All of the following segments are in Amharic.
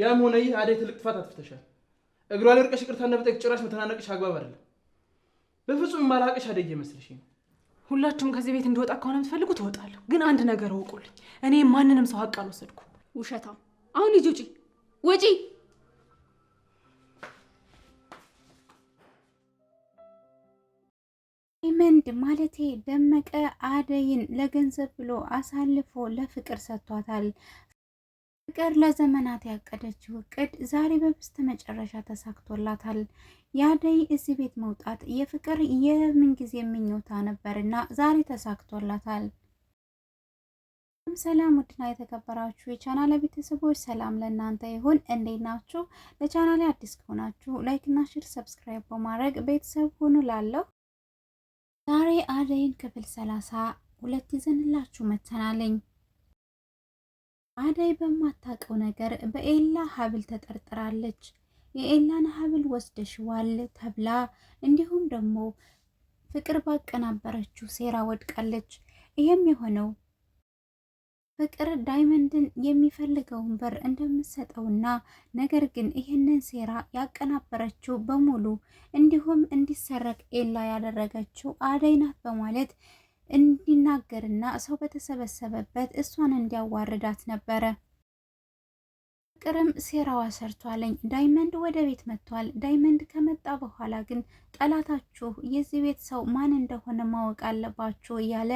ያም ሆነ ይህ አደይ ትልቅ ጥፋት አጥፍተሻል። እግሯ ላይ ወድቀሽ ይቅርታና በጠቅ ጭራሽ መተናነቅሽ አግባብ አይደለም። በፍጹም ማላቅሽ አደይ የመስልሽ ነው። ሁላችሁም ከዚህ ቤት እንድወጣ ከሆነ የምትፈልጉ ትወጣለሁ። ግን አንድ ነገር እወቁልኝ፣ እኔ ማንንም ሰው ሀቅ አልወሰድኩ። ውሸታም! አሁን ልጅ ውጪ፣ ውጪ! ኢመንድ ማለቴ ደመቀ አደይን ለገንዘብ ብሎ አሳልፎ ለፍቅር ሰጥቷታል። ፍቅር ለዘመናት ያቀደችው እቅድ ዛሬ በብስተ መጨረሻ ተሳክቶላታል። የአደይ እዚህ ቤት መውጣት የፍቅር የምንጊዜ ምኞታ ነበርና ዛሬ ተሳክቶላታል። ሰላም ውድና የተከበራችሁ የቻናል ቤተሰቦች ሰላም ለእናንተ ይሁን። እንዴት ናችሁ? ለቻናል አዲስ ከሆናችሁ ላይክና ሽር ሰብስክራይብ በማድረግ ቤተሰብ ሁኑ። ላለው ዛሬ አደይን ክፍል ሰላሳ ሁለት ይዘንላችሁ መተናለኝ አደይ በማታውቀው ነገር በኤላ ሀብል ተጠርጥራለች። የኤላን ሀብል ወስደሽዋል ተብላ እንዲሁም ደግሞ ፍቅር ባቀናበረችው ሴራ ወድቃለች። ይህም የሆነው ፍቅር ዳይመንድን የሚፈልገውን በር እንደምትሰጠውና ነገር ግን ይህንን ሴራ ያቀናበረችው በሙሉ እንዲሁም እንዲሰረቅ ኤላ ያደረገችው አደይ ናት በማለት እንዲናገርና ሰው በተሰበሰበበት እሷን እንዲያዋርዳት ነበረ። ፍቅርም ሴራዋ ሰርቷለኝ። ዳይመንድ ወደ ቤት መጥቷል። ዳይመንድ ከመጣ በኋላ ግን ጠላታችሁ የዚህ ቤት ሰው ማን እንደሆነ ማወቅ አለባችሁ እያለ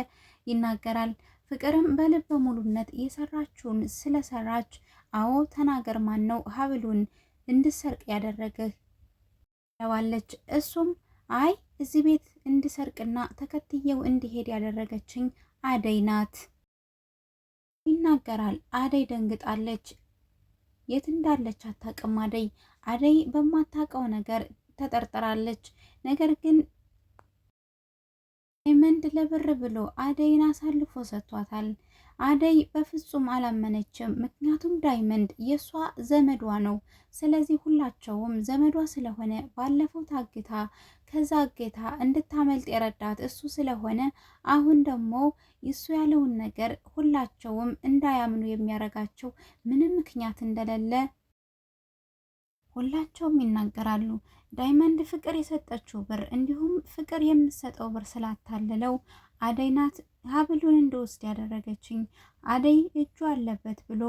ይናገራል። ፍቅርም በልበ ሙሉነት የሰራችውን ስለሰራች፣ አዎ ተናገር፣ ማን ነው ሀብሉን እንድሰርቅ ያደረገህ? ለዋለች እሱም አይ እዚህ ቤት እንድሰርቅና ተከትየው እንዲሄድ ያደረገችኝ አደይ ናት ይናገራል። አደይ ደንግጣለች። የት እንዳለች አታውቅም። አደይ አደይ በማታውቀው ነገር ተጠርጥራለች። ነገር ግን ዳይመንድ ለብር ብሎ አደይን አሳልፎ ሰጥቷታል። አደይ በፍጹም አላመነችም። ምክንያቱም ዳይመንድ የእሷ ዘመዷ ነው። ስለዚህ ሁላቸውም ዘመዷ ስለሆነ ባለፈው ታግታ ከዛ እገታ እንድታመልጥ የረዳት እሱ ስለሆነ አሁን ደግሞ እሱ ያለውን ነገር ሁላቸውም እንዳያምኑ የሚያደርጋቸው ምንም ምክንያት እንደሌለ ሁላቸውም ይናገራሉ። ዳይመንድ ፍቅር የሰጠችው ብር እንዲሁም ፍቅር የምትሰጠው ብር ስላታለለው አደይ ናት ሀብሉን እንደወስድ ያደረገችኝ አደይ እጁ አለበት ብሎ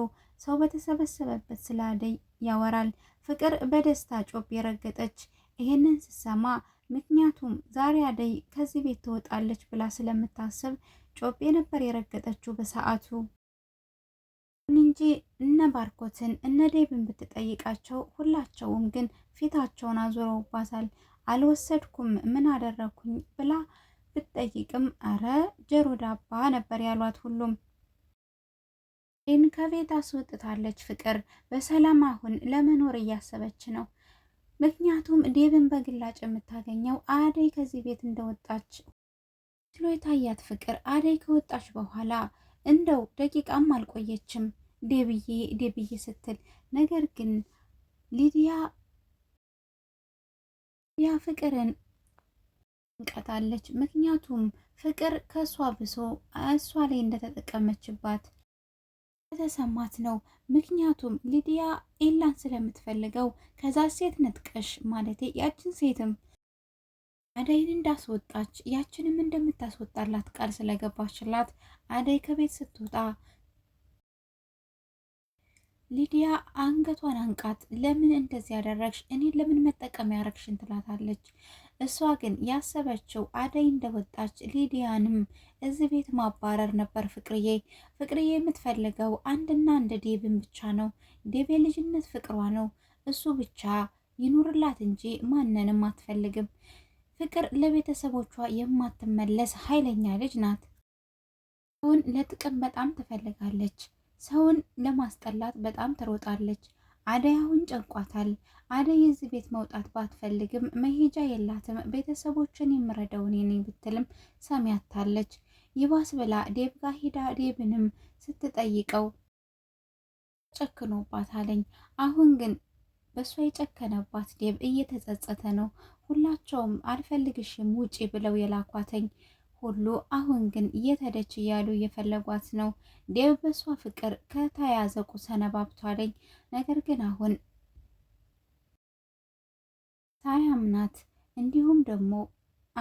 ሰው በተሰበሰበበት ስለ አደይ ያወራል። ፍቅር በደስታ ጮቤ ረገጠች። ይህንን ስሰማ ምክንያቱም ዛሬ አደይ ከዚህ ቤት ትወጣለች ብላ ስለምታስብ ጮቤ ነበር የረገጠችው በሰዓቱ እንጂ እነ ባርኮትን እነ ዴብን ብትጠይቃቸው ሁላቸውም ግን ፊታቸውን አዙረውባታል። አልወሰድኩም ምን አደረግኩኝ ብላ ብትጠይቅም አረ ጀሮ ዳባ ነበር ያሏት ሁሉም። ይህን ከቤት አስወጥታለች ፍቅር በሰላም አሁን ለመኖር እያሰበች ነው። ምክንያቱም ዴብን በግላጭ የምታገኘው አደይ ከዚህ ቤት እንደወጣች ችሎ የታያት ፍቅር አደይ ከወጣች በኋላ እንደው ደቂቃም አልቆየችም ዴብዬ ዴብዬ ስትል ነገር ግን ሊዲያ ያ ፍቅርን እንቀጣለች። ምክንያቱም ፍቅር ከእሷ ብሶ እሷ ላይ እንደተጠቀመችባት የተሰማት ነው። ምክንያቱም ሊዲያ ኤላን ስለምትፈልገው ከዛ ሴት ነጥቀሽ ማለቴ ያችን ሴትም አደይን እንዳስወጣች ያችንም እንደምታስወጣላት ቃል ስለገባችላት አደይ ከቤት ስትወጣ ሊዲያ አንገቷን አንቃት ለምን እንደዚህ ያደረግሽ እኔን ለምን መጠቀም ያደረግሽን ትላታለች። እሷ ግን ያሰበችው አደይ እንደወጣች ሊዲያንም እዚህ ቤት ማባረር ነበር። ፍቅርዬ ፍቅርዬ የምትፈልገው አንድና አንድ ዴብን ብቻ ነው። ዴብ የልጅነት ፍቅሯ ነው። እሱ ብቻ ይኑርላት እንጂ ማንንም አትፈልግም። ፍቅር ለቤተሰቦቿ የማትመለስ ኃይለኛ ልጅ ናት። ሁን ለጥቅም በጣም ትፈልጋለች። ሰውን ለማስጠላት በጣም ትሮጣለች። አደይ አሁን ጨንቋታል። አደይ የዚህ ቤት መውጣት ባትፈልግም መሄጃ የላትም። ቤተሰቦችን የምረዳው እኔ ነኝ ብትልም ሰሚያታለች። ይባስ ብላ ዴብ ጋ ሂዳ ዴብንም ስትጠይቀው ጨክኖባት አለኝ። አሁን ግን በእሷ የጨከነባት ዴብ እየተጸጸተ ነው። ሁላቸውም አልፈልግሽም ውጪ ብለው የላኳተኝ ሁሉ አሁን ግን እየተደች እያሉ እየፈለጓት ነው። ዴቭ በሷ ፍቅር ከተያዘቁ ሰነባብቷለኝ። ነገር ግን አሁን ሳያምናት እንዲሁም ደግሞ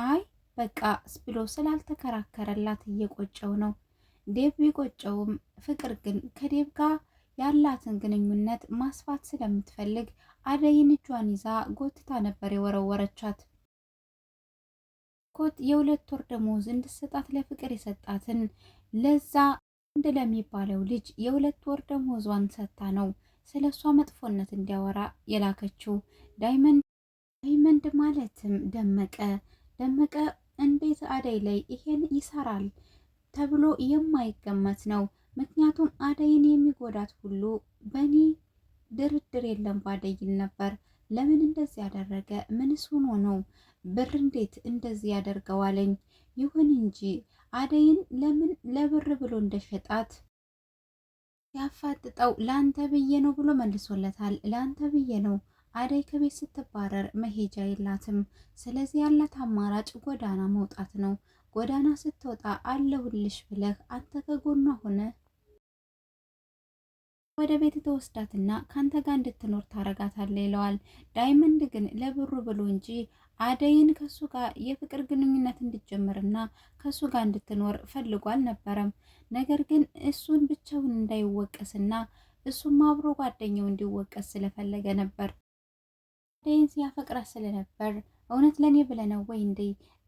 አይ በቃ ብሎ ስላልተከራከረላት እየቆጨው ነው። ዴቭ ቢቆጨውም ፍቅር ግን ከዴቭ ጋር ያላትን ግንኙነት ማስፋት ስለምትፈልግ አደይን እጇን ይዛ ጎትታ ነበር የወረወረቻት። ኮት የሁለት ወር ደሞዝ እንድሰጣት ለፍቅር የሰጣትን ለዛ ወንድ ለሚባለው ልጅ የሁለት ወር ደሞዟን ሰታ ነው ስለ እሷ መጥፎነት እንዲያወራ የላከችው። ዳይመንድ ማለትም ደመቀ ደመቀ እንዴት አደይ ላይ ይሄን ይሰራል ተብሎ የማይገመት ነው። ምክንያቱም አደይን የሚጎዳት ሁሉ በእኔ ድርድር የለም ባደይን ነበር። ለምን እንደዚህ ያደረገ ምንስ ሆኖ ነው ብር እንዴት እንደዚህ ያደርገዋለኝ? ይሁን እንጂ አደይን ለምን ለብር ብሎ እንደሸጣት ያፋጥጠው ለአንተ ብዬ ነው ብሎ መልሶለታል። ለአንተ ብዬ ነው አደይ ከቤት ስትባረር መሄጃ የላትም። ስለዚህ ያላት አማራጭ ጎዳና መውጣት ነው። ጎዳና ስትወጣ አለሁልሽ ብለህ አንተ ከጎኗ ሆነ ወደ ቤት ተወስዳትና ከአንተ ጋር እንድትኖር ታረጋታለህ ይለዋል። ዳይመንድ ግን ለብሩ ብሎ እንጂ አደይን ከሱ ጋር የፍቅር ግንኙነት እንድጀምርና ከሱ ጋር እንድትኖር ፈልጎ አልነበረም። ነገር ግን እሱን ብቻውን እንዳይወቀስና እሱም አብሮ ጓደኛው እንዲወቀስ ስለፈለገ ነበር። አደይን ሲያፈቅራ ስለነበር እውነት ለእኔ ብለነው ነው ወይ እንዴ?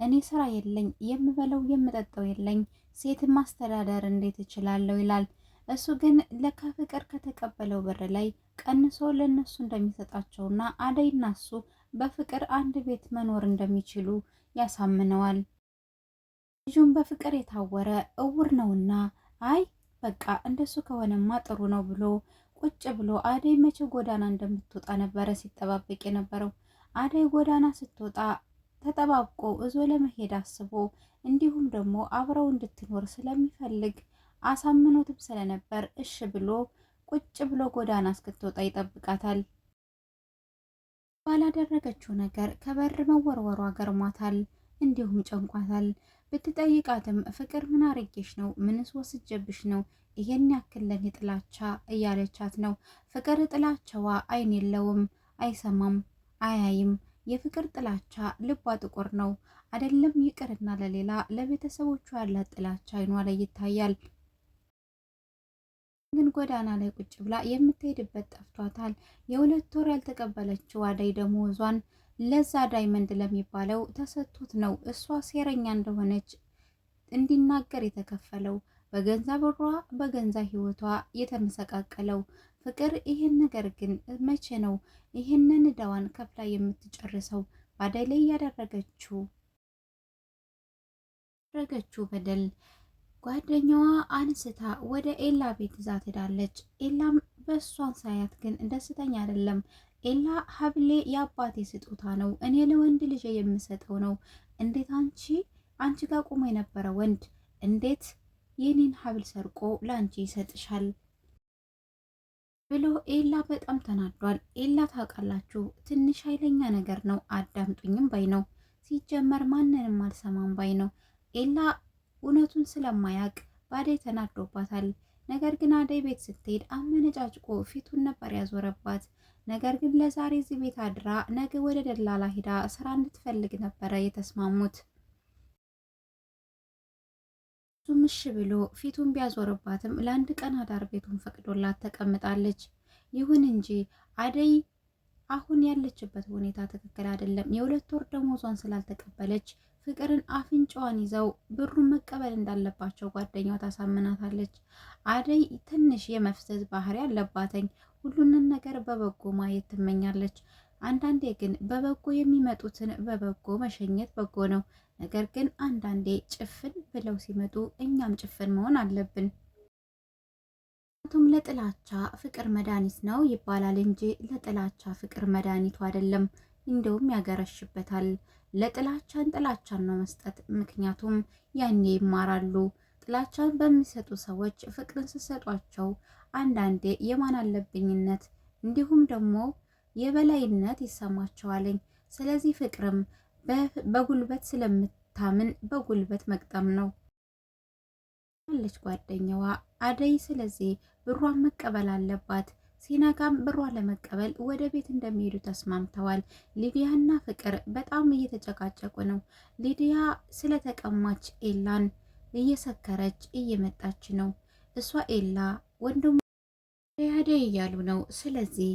እኔ ስራ የለኝ፣ የምበለው የምጠጣው የለኝ፣ ሴት ማስተዳደር እንዴት እችላለሁ? ይላል። እሱ ግን ለካ ፍቅር ከተቀበለው ብር ላይ ቀንሶ ለእነሱ እንደሚሰጣቸውና አደይና እሱ በፍቅር አንድ ቤት መኖር እንደሚችሉ ያሳምነዋል። ልጁም በፍቅር የታወረ እውር ነውና አይ በቃ እንደሱ ከሆነማ ጥሩ ነው ብሎ ቁጭ ብሎ አደይ መቼ ጎዳና እንደምትወጣ ነበረ ሲጠባበቅ የነበረው። አደይ ጎዳና ስትወጣ ተጠባብቆ እዞ ለመሄድ አስቦ እንዲሁም ደግሞ አብረው እንድትኖር ስለሚፈልግ አሳምኖትም ስለነበር እሽ ብሎ ቁጭ ብሎ ጎዳና እስክትወጣ ይጠብቃታል። ባላደረገችው ነገር ከበር መወርወሯ ገርሟታል፣ እንዲሁም ጨንቋታል። ብትጠይቃትም ፍቅር ምን አርጌሽ ነው? ምንስ ወስጀብሽ ነው? ይሄን ያክል ለኔ ጥላቻ እያለቻት ነው። ፍቅር ጥላቻዋ አይን የለውም፣ አይሰማም፣ አያይም። የፍቅር ጥላቻ ልቧ ጥቁር ነው። አይደለም ይቅርና ለሌላ ለቤተሰቦቿ ያላት ጥላቻ አይኗ ላይ ይታያል። ግን ጎዳና ላይ ቁጭ ብላ የምትሄድበት ጠፍቷታል። የሁለት ወር ያልተቀበለችው አደይ ደሞዟን ለዛ ዳይመንድ ለሚባለው ተሰጥቶት ነው እሷ ሴረኛ እንደሆነች እንዲናገር የተከፈለው በገንዛ ብሯ በገንዛ ህይወቷ የተመሰቃቀለው ፍቅር። ይህን ነገር ግን መቼ ነው ይህንን ዕዳዋን ከፍላ የምትጨርሰው? በአደይ ላይ ያደረገችው ያደረገችው በደል ጓደኛዋ አንስታ ወደ ኤላ ቤት ይዛ ትሄዳለች። ኤላም በእሷን ሳያት ግን ደስተኛ አይደለም። ኤላ ሀብሌ የአባቴ ስጦታ ነው፣ እኔ ለወንድ ልጅ የምሰጠው ነው። እንዴት አንቺ አንቺ ጋር ቆሞ የነበረ ወንድ እንዴት የኔን ሀብል ሰርቆ ለአንቺ ይሰጥሻል? ብሎ ኤላ በጣም ተናዷል። ኤላ ታውቃላችሁ፣ ትንሽ ኃይለኛ ነገር ነው። አዳምጡኝም ባይ ነው። ሲጀመር ማንንም አልሰማም ባይ ነው ኤላ እውነቱን ስለማያውቅ በአደይ ተናዶባታል። ነገር ግን አደይ ቤት ስትሄድ አመነጫጭቆ ፊቱን ነበር ያዞረባት። ነገር ግን ለዛሬ እዚህ ቤት አድራ ነገ ወደ ደላላ ሂዳ ስራ እንድትፈልግ ነበረ የተስማሙት። እሱም እሺ ብሎ ፊቱን ቢያዞርባትም ለአንድ ቀን አዳር ቤቱን ፈቅዶላት ተቀምጣለች። ይሁን እንጂ አደይ አሁን ያለችበት ሁኔታ ትክክል አይደለም። የሁለት ወር ደሞዟን ስላልተቀበለች ፍቅርን አፍንጫዋን ይዘው ብሩን መቀበል እንዳለባቸው ጓደኛዋ ታሳምናታለች። አደይ ትንሽ የመፍዘዝ ባህሪ አለባተኝ። ሁሉንም ነገር በበጎ ማየት ትመኛለች። አንዳንዴ ግን በበጎ የሚመጡትን በበጎ መሸኘት በጎ ነው። ነገር ግን አንዳንዴ ጭፍን ብለው ሲመጡ እኛም ጭፍን መሆን አለብን። ቱም ለጥላቻ ፍቅር መድኃኒት ነው ይባላል እንጂ ለጥላቻ ፍቅር መድኃኒቱ አይደለም፣ እንደውም ያገረሽበታል። ለጥላቻን ጥላቻን ነው መስጠት። ምክንያቱም ያኔ ይማራሉ። ጥላቻን በሚሰጡ ሰዎች ፍቅርን ስሰጧቸው አንዳንዴ የማን አለብኝነት እንዲሁም ደግሞ የበላይነት ይሰማቸዋልኝ። ስለዚህ ፍቅርም በጉልበት ስለምታምን በጉልበት መቅጠም ነው አለች ጓደኛዋ አደይ። ስለዚህ ብሯን መቀበል አለባት። ሲነጋም ብሯ ለመቀበል ወደ ቤት እንደሚሄዱ ተስማምተዋል። ሊዲያና ፍቅር በጣም እየተጨቃጨቁ ነው። ሊዲያ ስለተቀማች ኤላን እየሰከረች እየመጣች ነው። እሷ ኤላ ወንድሙ ያደ እያሉ ነው። ስለዚህ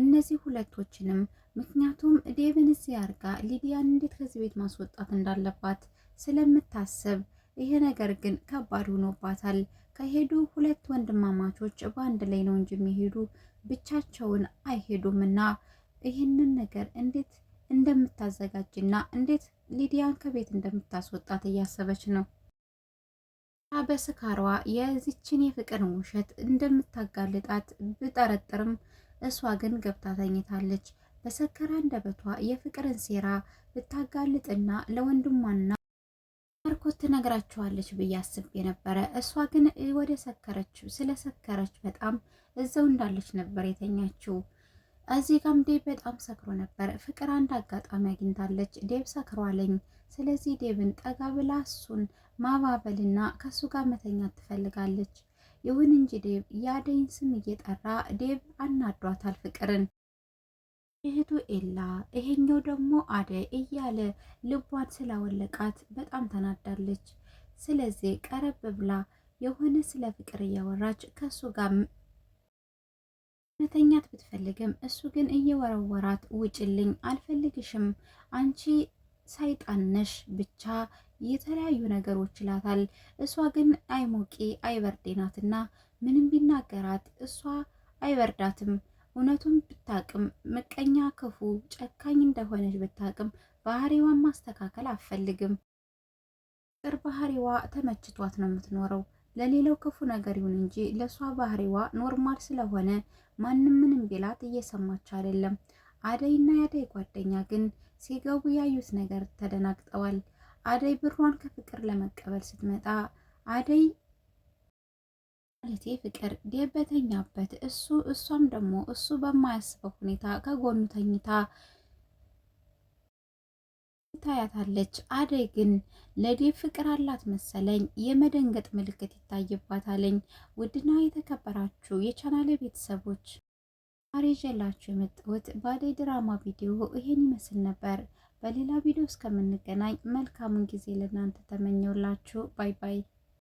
እነዚህ ሁለቶችንም ምክንያቱም ዴቭን እዚህ አርጋ ሊዲያን እንዴት ከዚህ ቤት ማስወጣት እንዳለባት ስለምታስብ ይሄ ነገር ግን ከባድ ሆኖባታል። ከሄዱ ሁለት ወንድማማቾች በአንድ ላይ ነው እንጂ የሚሄዱ ብቻቸውን አይሄዱምና ይህንን ነገር እንዴት እንደምታዘጋጅና እንዴት ሊዲያን ከቤት እንደምታስወጣት እያሰበች ነው። በስካሯ የዚችን የፍቅር ውሸት እንደምታጋልጣት ብጠረጥርም እሷ ግን ገብታ ተኝታለች። በሰከረ አንደበቷ የፍቅርን ሴራ ብታጋልጥና ለወንድሟና ለመርኮት ትነግራችኋለች ብዬ አስብ የነበረ እሷ ግን ወደ ሰከረችው ስለሰከረች በጣም እዛው እንዳለች ነበር የተኛችው። እዚህ ጋም ዴብ በጣም ሰክሮ ነበር። ፍቅር አንድ አጋጣሚ አግኝታለች። ዴብ ሰክሯለኝ። ስለዚህ ዴብን ጠጋ ብላ እሱን ማባበልና ከእሱ ጋር መተኛት ትፈልጋለች። ይሁን እንጂ ዴብ የአደይን ስም እየጠራ ዴብ አናዷታል ፍቅርን እህቱ ኤላ ይሄኛው ደግሞ አደይ እያለ ልቧን ስላወለቃት በጣም ተናዳለች። ስለዚህ ቀረብ ብላ የሆነ ስለ ፍቅር እያወራች ከእሱ ጋር መተኛት ብትፈልግም እሱ ግን እየወረወራት ውጭልኝ፣ አልፈልግሽም፣ አንቺ ሳይጣነሽ ብቻ የተለያዩ ነገሮች ይላታል። እሷ ግን አይሞቂ አይበርዴናትና ምንም ቢናገራት እሷ አይበርዳትም። እውነቱን ብታቅም ምቀኛ፣ ክፉ፣ ጨካኝ እንደሆነች ብታቅም ባህሪዋን ማስተካከል አትፈልግም። ጥር ባህሪዋ ተመችቷት ነው የምትኖረው። ለሌላው ክፉ ነገር ይሁን እንጂ ለእሷ ባህሪዋ ኖርማል ስለሆነ ማንም ምንም ቢላት እየሰማች አይደለም። አደይና የአደይ ጓደኛ ግን ሲገቡ ያዩት ነገር ተደናግጠዋል። አደይ ብሯን ከፍቅር ለመቀበል ስትመጣ አደይ ማለቴ ፍቅር ደበተኛበት እሱ እሷም ደግሞ እሱ በማያስበው ሁኔታ ከጎኑ ተኝታ ታያታለች። አደይ ግን ለዴብ ፍቅር አላት መሰለኝ የመደንገጥ ምልክት ይታይባታለኝ። ውድና የተከበራችሁ የቻናሌ ቤተሰቦች ዛሬ ይዤላችሁ የመጣሁት በአደይ ድራማ ቪዲዮ ይሄን ይመስል ነበር። በሌላ ቪዲዮ እስከምንገናኝ መልካሙን ጊዜ ለእናንተ ተመኘውላችሁ። ባይ ባይ።